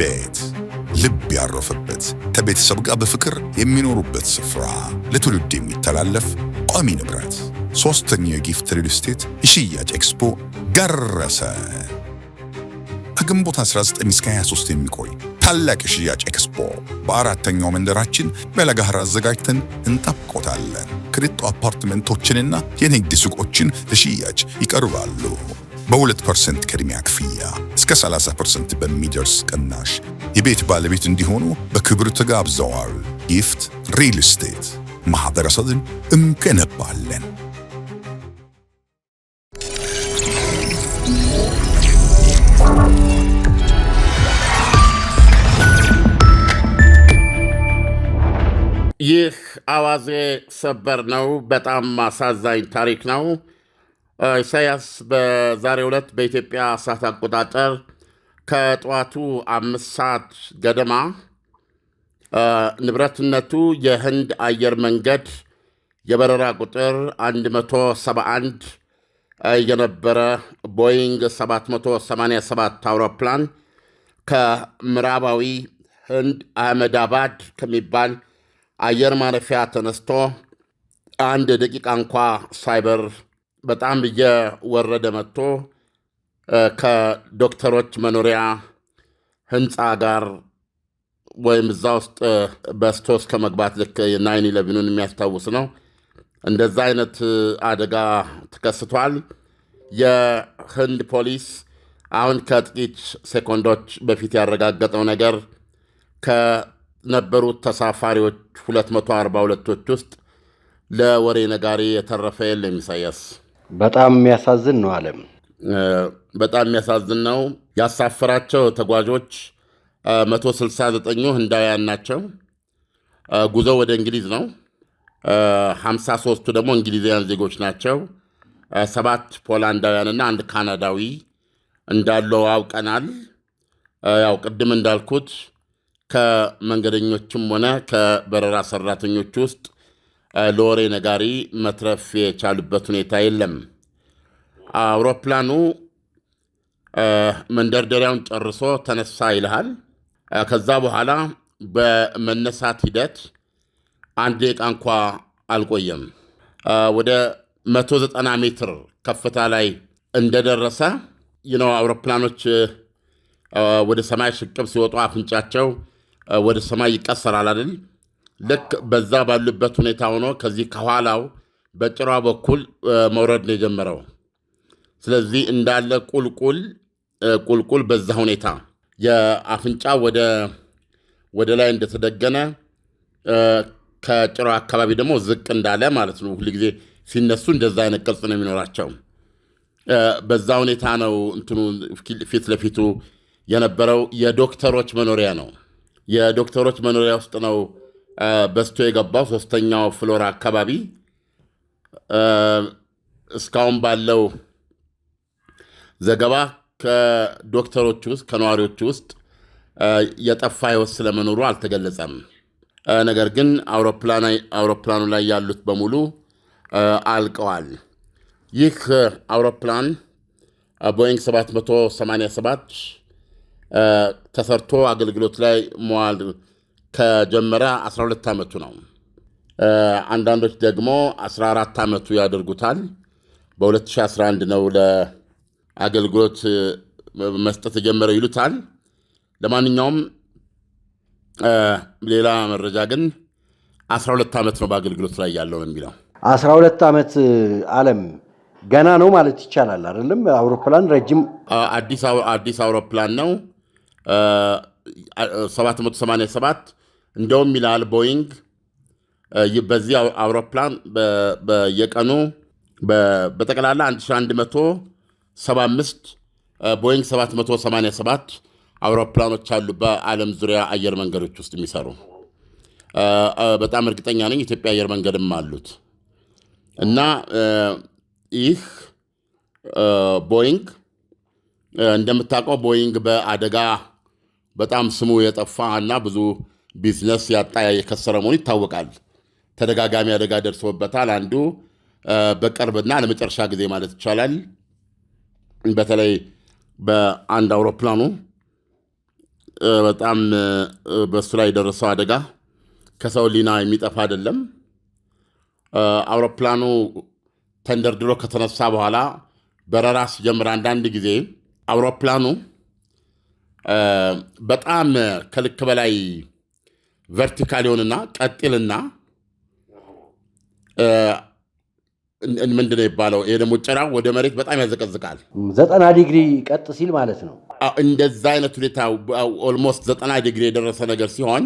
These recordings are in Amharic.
ቤት ልብ ያረፈበት ከቤተሰብ ጋር በፍቅር የሚኖሩበት ስፍራ ለትውልድ የሚተላለፍ ቋሚ ንብረት። ሶስተኛው የጊፍት ሪል ስቴት የሽያጭ ኤክስፖ ደረሰ። ከግንቦት 19 እስከ 23 የሚቆይ ታላቅ የሽያጭ ኤክስፖ በአራተኛው መንደራችን በለጋህር አዘጋጅተን እንጠብቆታለን። ክሪጦ አፓርትመንቶችንና የንግድ ሱቆችን ለሽያጭ ይቀርባሉ። በ2 ፐርሰንት ቅድሚያ ክፍያ እስከ 30 ፐርሰንት በሚደርስ ቅናሽ የቤት ባለቤት እንዲሆኑ በክብር ተጋብዘዋል። ጊፍት ሪል ስቴት ማኅበረሰብን እንገነባለን። ይህ አዋዜ ሰበር ነው። በጣም አሳዛኝ ታሪክ ነው። ኢሳያስ በዛሬ ዕለት በኢትዮጵያ ሰዓት አቆጣጠር ከጠዋቱ አምስት ሰዓት ገደማ ንብረትነቱ የህንድ አየር መንገድ የበረራ ቁጥር 171 የነበረ ቦይንግ 787 አውሮፕላን ከምዕራባዊ ህንድ አህመዳባድ ከሚባል አየር ማረፊያ ተነስቶ አንድ ደቂቃ እንኳ ሳይበር በጣም እየወረደ መጥቶ ከዶክተሮች መኖሪያ ህንፃ ጋር ወይም እዛ ውስጥ በስቶ እስከ መግባት ልክ ናይን ኢለቪኑን የሚያስታውስ ነው። እንደዛ አይነት አደጋ ተከስቷል። የህንድ ፖሊስ አሁን ከጥቂት ሴኮንዶች በፊት ያረጋገጠው ነገር ከነበሩት ተሳፋሪዎች 242ቶች ውስጥ ለወሬ ነጋሪ የተረፈ የለም። ኢሳያስ በጣም የሚያሳዝን ነው። አለም በጣም የሚያሳዝን ነው። ያሳፈራቸው ተጓዦች 169ኙ ህንዳውያን ናቸው። ጉዞው ወደ እንግሊዝ ነው። 53ቱ ደግሞ እንግሊዛውያን ዜጎች ናቸው። ሰባት ፖላንዳውያንና አንድ ካናዳዊ እንዳለው አውቀናል። ያው ቅድም እንዳልኩት ከመንገደኞችም ሆነ ከበረራ ሰራተኞች ውስጥ ለወሬ ነጋሪ መትረፍ የቻሉበት ሁኔታ የለም። አውሮፕላኑ መንደርደሪያውን ጨርሶ ተነሳ ይልሃል። ከዛ በኋላ በመነሳት ሂደት አንድ ደቂቃ እንኳ አልቆየም። ወደ 190 ሜትር ከፍታ ላይ እንደደረሰ ይነው አውሮፕላኖች ወደ ሰማይ ሽቅብ ሲወጡ አፍንጫቸው ወደ ሰማይ ይቀሰራል አይደል? ልክ በዛ ባሉበት ሁኔታ ሆኖ ከዚህ ከኋላው በጭሯ በኩል መውረድ ነው የጀመረው። ስለዚህ እንዳለ ቁልቁል ቁልቁል በዛ ሁኔታ የአፍንጫ ወደ ላይ እንደተደገነ ከጭሯ አካባቢ ደግሞ ዝቅ እንዳለ ማለት ነው። ሁል ጊዜ ሲነሱ እንደዛ አይነት ቅርጽ ነው የሚኖራቸው። በዛ ሁኔታ ነው እንትኑ ፊት ለፊቱ የነበረው የዶክተሮች መኖሪያ ነው። የዶክተሮች መኖሪያ ውስጥ ነው በስቶ የገባው ሶስተኛው ፍሎር አካባቢ እስካሁን ባለው ዘገባ ከዶክተሮች ውስጥ ከነዋሪዎች ውስጥ የጠፋ ህይወት ስለመኖሩ አልተገለጸም። ነገር ግን አውሮፕላኑ ላይ ያሉት በሙሉ አልቀዋል። ይህ አውሮፕላን ቦይንግ 787 ተሰርቶ አገልግሎት ላይ መዋል ከጀመረ 12 ዓመቱ ነው። አንዳንዶች ደግሞ 14 ዓመቱ ያደርጉታል። በ2011 ነው ለአገልግሎት መስጠት የጀመረው ይሉታል። ለማንኛውም ሌላ መረጃ ግን 12 ዓመት ነው በአገልግሎት ላይ ያለው ነው የሚለው 12 ዓመት ዓለም ገና ነው ማለት ይቻላል አይደለም። አውሮፕላን ረጅም አዲስ አውሮፕላን ነው 787 እንደውም ይላል ቦይንግ በዚህ አውሮፕላን በየቀኑ በጠቅላላ 1175 ቦይንግ 787 አውሮፕላኖች አሉ በዓለም ዙሪያ አየር መንገዶች ውስጥ የሚሰሩ በጣም እርግጠኛ ነኝ ኢትዮጵያ አየር መንገድም አሉት እና ይህ ቦይንግ እንደምታውቀው ቦይንግ በአደጋ በጣም ስሙ የጠፋ እና ብዙ ቢዝነስ ያጣ የከሰረ መሆኑ ይታወቃል። ተደጋጋሚ አደጋ ደርሶበታል። አንዱ በቅርብና ለመጨረሻ ጊዜ ማለት ይቻላል በተለይ በአንድ አውሮፕላኑ በጣም በሱ ላይ የደረሰው አደጋ ከሰው ሊና የሚጠፋ አይደለም። አውሮፕላኑ ተንደርድሮ ከተነሳ በኋላ በረራ ሲጀምር አንዳንድ ጊዜ አውሮፕላኑ በጣም ከልክ በላይ ቨርቲካል ይሆንና ቀጢልና ምንድን ይባለው? ይሄ ደግሞ ጭራው ወደ መሬት በጣም ያዘቀዝቃል። ዘጠና ዲግሪ ቀጥ ሲል ማለት ነው። እንደዛ አይነት ሁኔታ ኦልሞስት ዘጠና ዲግሪ የደረሰ ነገር ሲሆን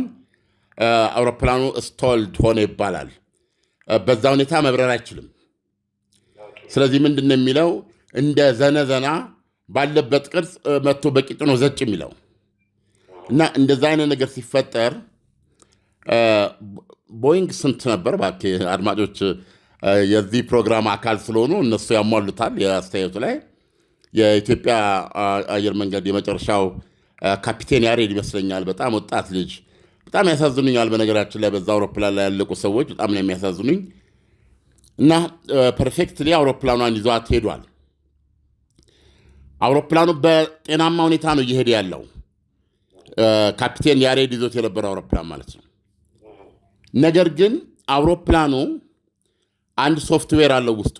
አውሮፕላኑ ስቶልድ ሆነ ይባላል። በዛ ሁኔታ መብረር አይችልም። ስለዚህ ምንድን ነው የሚለው እንደ ዘነዘና ባለበት ቅርጽ መቶ በቂጥ ነው ዘጭ የሚለው እና እንደዛ አይነት ነገር ሲፈጠር ቦይንግ ስንት ነበር? እባክህ አድማጮች የዚህ ፕሮግራም አካል ስለሆኑ እነሱ ያሟሉታል። የአስተያየቱ ላይ የኢትዮጵያ አየር መንገድ የመጨረሻው ካፒቴን ያሬድ ይመስለኛል። በጣም ወጣት ልጅ በጣም ያሳዝኑኛል። በነገራችን ላይ በዛ አውሮፕላን ላይ ያለቁ ሰዎች በጣም ነው የሚያሳዝኑኝ። እና ፐርፌክትሊ አውሮፕላኗን ይዟት ሄዷል። አውሮፕላኑ በጤናማ ሁኔታ ነው እየሄደ ያለው። ካፒቴን ያሬድ ይዞት የነበረ አውሮፕላን ማለት ነው። ነገር ግን አውሮፕላኑ አንድ ሶፍትዌር አለው ውስጡ።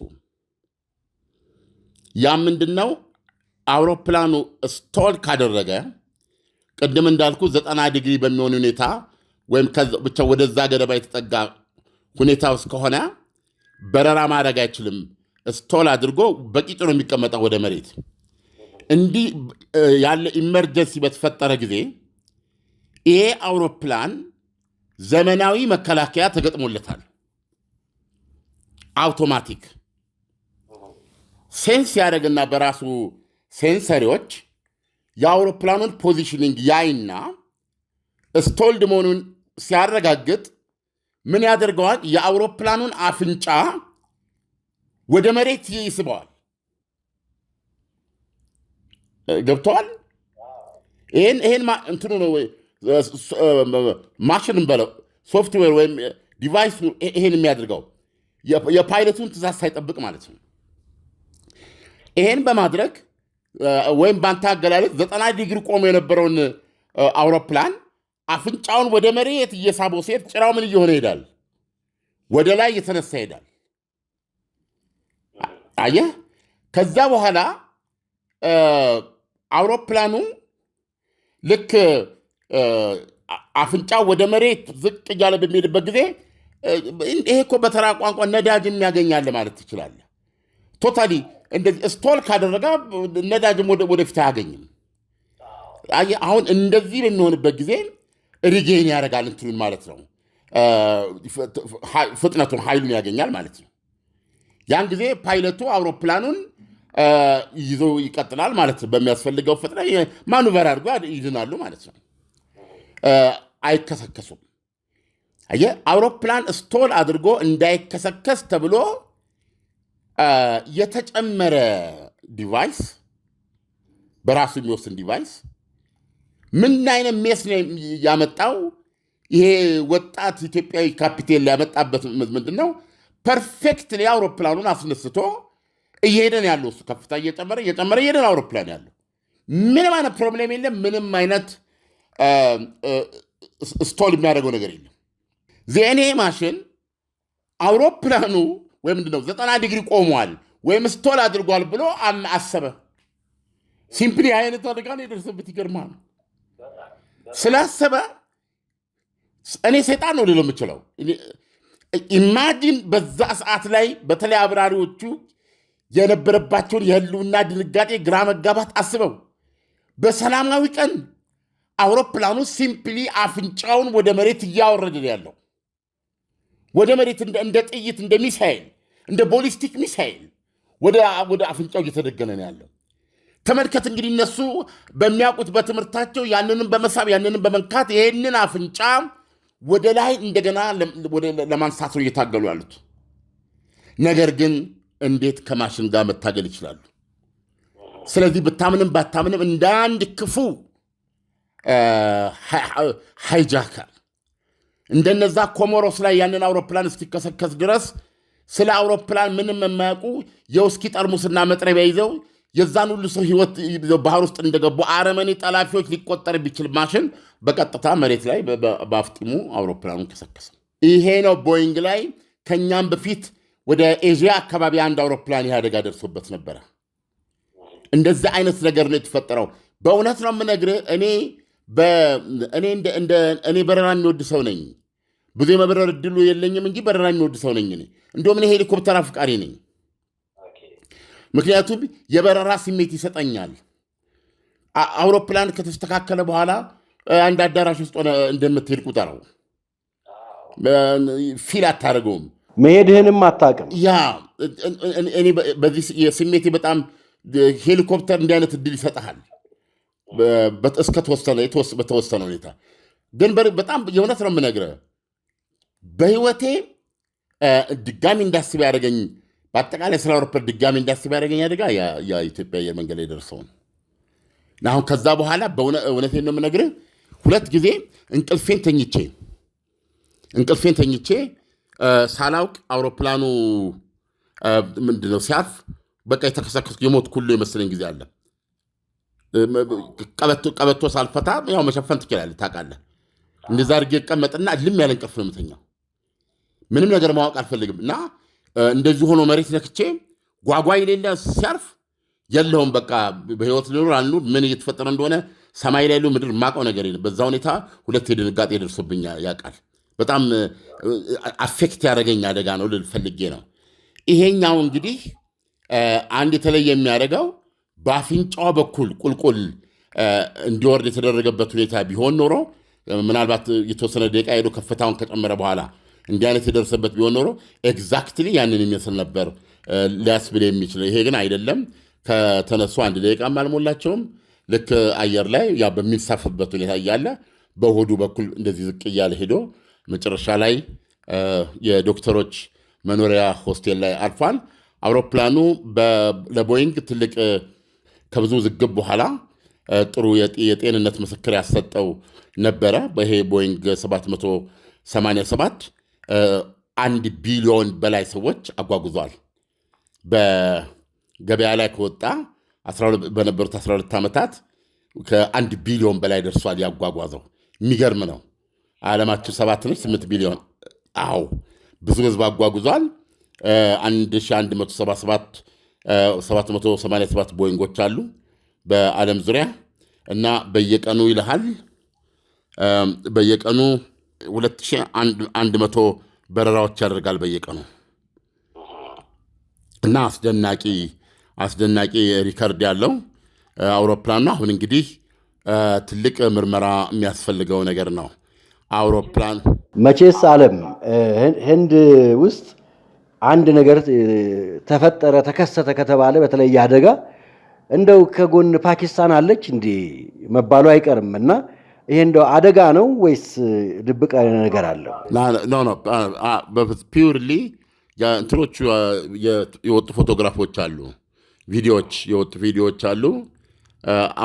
ያ ምንድን ነው? አውሮፕላኑ ስቶል ካደረገ ቅድም እንዳልኩ ዘጠና ዲግሪ በሚሆን ሁኔታ ወይም ብቻ ወደዛ ገደባ የተጠጋ ሁኔታ ውስጥ ከሆነ በረራ ማድረግ አይችልም። ስቶል አድርጎ በቂጡ ነው የሚቀመጠው ወደ መሬት። እንዲህ ያለ ኢመርጀንሲ በተፈጠረ ጊዜ ይሄ አውሮፕላን ዘመናዊ መከላከያ ተገጥሞለታል። አውቶማቲክ ሴንስ ያደረግና በራሱ ሴንሰሪዎች የአውሮፕላኑን ፖዚሽኒንግ ያይና ስቶልድ መሆኑን ሲያረጋግጥ ምን ያደርገዋል? የአውሮፕላኑን አፍንጫ ወደ መሬት ይስበዋል። ገብተዋል። ይህን እንትኑ ነው ማሽን በለው ሶፍትዌር ወይም ዲቫይስ ይሄን የሚያደርገው የፓይለቱን ትእዛዝ ሳይጠብቅ ማለት ነው። ይሄን በማድረግ ወይም ባንተ አገላለጽ ዘጠና ዲግሪ ቆሞ የነበረውን አውሮፕላን አፍንጫውን ወደ መሬት እየሳበው ሴት ጭራው ምን እየሆነ ይሄዳል? ወደ ላይ እየተነሳ ይሄዳል። አየህ፣ ከዛ በኋላ አውሮፕላኑ ልክ አፍንጫ ወደ መሬት ዝቅ እያለ በሚሄድበት ጊዜ ይሄ እኮ በተራ ቋንቋ ነዳጅ የሚያገኛለ ማለት ትችላለ። ቶታሊ እንደዚህ ስቶል ካደረጋ ነዳጅም ወደፊት አያገኝም። አሁን እንደዚህ በሚሆንበት ጊዜ ሪጌን ያደርጋል እንትኑን ማለት ነው፣ ፍጥነቱን ኃይሉን ያገኛል ማለት ነው። ያን ጊዜ ፓይለቱ አውሮፕላኑን ይዞ ይቀጥላል ማለት ነው። በሚያስፈልገው ፍጥነት ማኑቨር አድርጎ ይድናሉ ማለት ነው። አይከሰከሱም። አየህ አውሮፕላን ስቶል አድርጎ እንዳይከሰከስ ተብሎ የተጨመረ ዲቫይስ በራሱ የሚወስን ዲቫይስ ምን አይነት ሜስ ነው ያመጣው? ይሄ ወጣት ኢትዮጵያዊ ካፒቴን ሊያመጣበት ምንድን ነው? ፐርፌክት አውሮፕላኑን አስነስቶ እየሄደን ያለው። እሱ ከፍታ እየጨመረ እየጨመረ እየሄደን አውሮፕላን ያለው። ምንም አይነት ፕሮብሌም የለም። ምንም አይነት ስቶል um, uh, የሚያደርገው ነገር የለም። ዜኔ ማሽን አውሮፕላኑ ወይ ምንድነው ዘጠና ዲግሪ ቆሟል ወይም ስቶል አድርጓል ብሎ አሰበ። ሲምፕሊ አይነት አደጋ ነው የደረሰበት። ይገርማል። ስላሰበ እኔ ሴጣን ነው ልለው የምችለው። ኢማጂን በዛ ሰዓት ላይ በተለይ አብራሪዎቹ የነበረባቸውን የህልውና ድንጋጤ፣ ግራ መጋባት አስበው በሰላማዊ ቀን አውሮፕላኑ ሲምፕሊ አፍንጫውን ወደ መሬት እያወረደ ያለው ወደ መሬት እንደ ጥይት እንደ ሚሳይል እንደ ቦሊስቲክ ሚሳይል ወደ አፍንጫው እየተደገነ ነው ያለው። ተመልከት እንግዲህ እነሱ በሚያውቁት በትምህርታቸው ያንንም በመሳብ ያንንም በመንካት ይህንን አፍንጫ ወደ ላይ እንደገና ለማንሳት ነው እየታገሉ ያሉት። ነገር ግን እንዴት ከማሽን ጋር መታገል ይችላሉ? ስለዚህ ብታምንም ባታምንም እንደ አንድ ክፉ ሃይጃከር እንደነዛ ኮሞሮስ ላይ ያንን አውሮፕላን እስኪከሰከስ ድረስ ስለ አውሮፕላን ምንም የማያውቁ የውስኪ ጠርሙስና መጥረቢያ ይዘው የዛን ሁሉ ሰው ህይወት ባህር ውስጥ እንደገቡ አረመኔ ጠላፊዎች ሊቆጠር ቢችል ማሽን በቀጥታ መሬት ላይ በአፍጢሙ አውሮፕላኑን ከሰከሰ። ይሄ ነው ቦይንግ ላይ ከእኛም በፊት ወደ ኤዥያ አካባቢ አንድ አውሮፕላን ይህ አደጋ ደርሶበት ነበረ። እንደዚህ አይነት ነገር ነው የተፈጠረው። በእውነት ነው የምነግርህ እኔ እኔ በረራ የሚወድ ሰው ነኝ። ብዙ የመበረር እድሉ የለኝም እንጂ በረራ የሚወድ ሰው ነኝ። እንዲሁም እኔ ሄሊኮፕተር አፍቃሪ ነኝ። ምክንያቱም የበረራ ስሜት ይሰጠኛል። አውሮፕላን ከተስተካከለ በኋላ አንድ አዳራሽ ውስጥ ሆነ እንደምትሄድ ቁጠረው፣ ፊል አታደርገውም፣ መሄድህንም አታውቅም። ያ እኔ በዚህ የስሜቴ በጣም ሄሊኮፕተር እንዲህ አይነት እድል ይሰጠሃል። እስከተወሰነ በተወሰነ ሁኔታ ግን በጣም የእውነት ነው የምነግርህ በህይወቴ ድጋሚ እንዳስብ ያደረገኝ በአጠቃላይ ስለ አውሮፓ ድጋሚ እንዳስብ ያደረገኝ አደጋ የኢትዮጵያ አየር መንገድ የደርሰውን ነው። አሁን ከዛ በኋላ እውነቴን ነው የምነግርህ ሁለት ጊዜ እንቅልፌን ተኝቼ እንቅልፌን ተኝቼ ሳላውቅ አውሮፕላኑ ምንድነው ሲያርፍ በቃ የተከሰከስኩ የሞት ሁሉ የመሰለኝ ጊዜ አለ። ቀበቶ ሳልፈታ ያው መሸፈን ትችላለህ፣ ታውቃለህ። እንደዛ አድርጌ እቀመጥና ልም ያለ እንቅልፍ ነው የምተኛው። ምንም ነገር ማወቅ አልፈልግም። እና እንደዚህ ሆኖ መሬት ነክቼ ጓጓ የሌለ ሲያርፍ የለውም በቃ በህይወት ሊኖር አንዱ ምን እየተፈጠረ እንደሆነ ሰማይ ላይ ያሉ ምድር ማቀው ነገር የለም። በዛ ሁኔታ ሁለት የድንጋጤ ደርሶብኝ ያውቃል። በጣም አፌክት ያደረገኝ አደጋ ነው ልል ፈልጌ ነው። ይሄኛው እንግዲህ አንድ የተለየ የሚያደርገው በአፍንጫዋ በኩል ቁልቁል እንዲወርድ የተደረገበት ሁኔታ ቢሆን ኖሮ ምናልባት የተወሰነ ደቂቃ ሄዶ ከፍታውን ከጨመረ በኋላ እንዲህ አይነት የደረሰበት ቢሆን ኖሮ ኤግዛክትሊ ያንን የሚመስል ነበር ሊያስብል የሚችለው። ይሄ ግን አይደለም። ከተነሱ አንድ ደቂቃም አልሞላቸውም። ልክ አየር ላይ ያ በሚንሳፍበት ሁኔታ እያለ በሆዱ በኩል እንደዚህ ዝቅ እያለ ሄዶ መጨረሻ ላይ የዶክተሮች መኖሪያ ሆስቴል ላይ አርፏል። አውሮፕላኑ ለቦይንግ ትልቅ ከብዙ ዝግብ በኋላ ጥሩ የጤንነት ምስክር ያሰጠው ነበረ። ይሄ ቦይንግ 787 አንድ ቢሊዮን በላይ ሰዎች አጓጉዟል። በገበያ ላይ ከወጣ በነበሩት 12 ዓመታት ከአንድ ቢሊዮን በላይ ደርሷል ያጓጓዘው። የሚገርም ነው። ዓለማችን ሰባት ነች፣ 8 ቢሊዮን አዎ፣ ብዙ ህዝብ አጓጉዟል። 1177 787 ቦይንጎች አሉ በዓለም ዙሪያ እና በየቀኑ ይልሃል በየቀኑ 2100 በረራዎች ያደርጋል በየቀኑ እና አስደናቂ አስደናቂ ሪከርድ ያለው አውሮፕላን ነው። አሁን እንግዲህ ትልቅ ምርመራ የሚያስፈልገው ነገር ነው። አውሮፕላን መቼስ ዓለም ህንድ ውስጥ አንድ ነገር ተፈጠረ ተከሰተ ከተባለ በተለይ አደጋ እንደው ከጎን ፓኪስታን አለች እንዴ መባሉ አይቀርም እና ይሄ እንደው አደጋ ነው ወይስ ድብቅ ነገር አለው? ፒውርሊ እንትኖቹ የወጡ ፎቶግራፎች አሉ፣ ቪዲዮዎች የወጡ ቪዲዮዎች አሉ።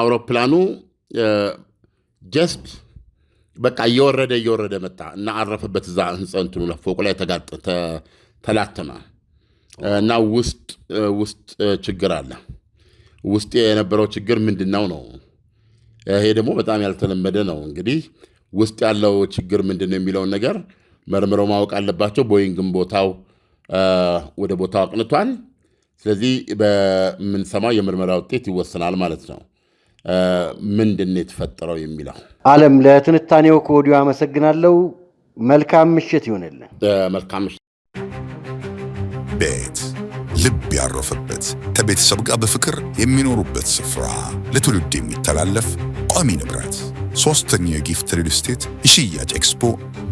አውሮፕላኑ ጀስት በቃ እየወረደ እየወረደ መጣ እና አረፈበት እዛ ህንፃ እንትኑ ፎቁ ላይ ተላተመ እና ውስጥ ውስጥ ችግር አለ። ውስጥ የነበረው ችግር ምንድነው ነው? ይሄ ደግሞ በጣም ያልተለመደ ነው። እንግዲህ ውስጥ ያለው ችግር ምንድን ነው የሚለውን ነገር መርምረው ማወቅ አለባቸው። ቦይንግም ቦታው ወደ ቦታው አቅንቷል። ስለዚህ በምንሰማው የምርመራ ውጤት ይወስናል ማለት ነው። ምንድን ነው የተፈጠረው የሚለው አለም። ለትንታኔው ከወዲሁ አመሰግናለሁ። መልካም ምሽት ይሆንልን። መልካም ምሽት። ቤት ልብ ያረፈበት ከቤተሰብ ጋር በፍቅር የሚኖሩበት ስፍራ ለትውልድ የሚተላለፍ ቋሚ ንብረት። ሶስተኛው የጊፍት ሪል ስቴት የሽያጭ ኤክስፖ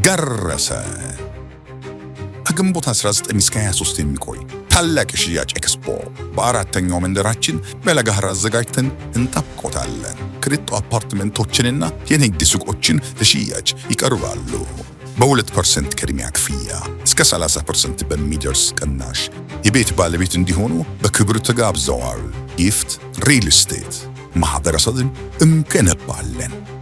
ደረሰ። ከግንቦት 19 እስከ 23 የሚቆይ ታላቅ የሽያጭ ኤክስፖ በአራተኛው መንደራችን በለጋህር አዘጋጅተን እንጠብቆታለን። ክሪጦ አፓርትመንቶችንና የንግድ ሱቆችን ለሽያጭ ይቀርባሉ። በ2% ቅድሚያ ክፍያ እስከ 30% በሚደርስ ቅናሽ የቤት ባለቤት እንዲሆኑ በክብር ተጋብዘዋል። ጊፍት ሪል ስቴት ማህበረሰብን እንገነባለን።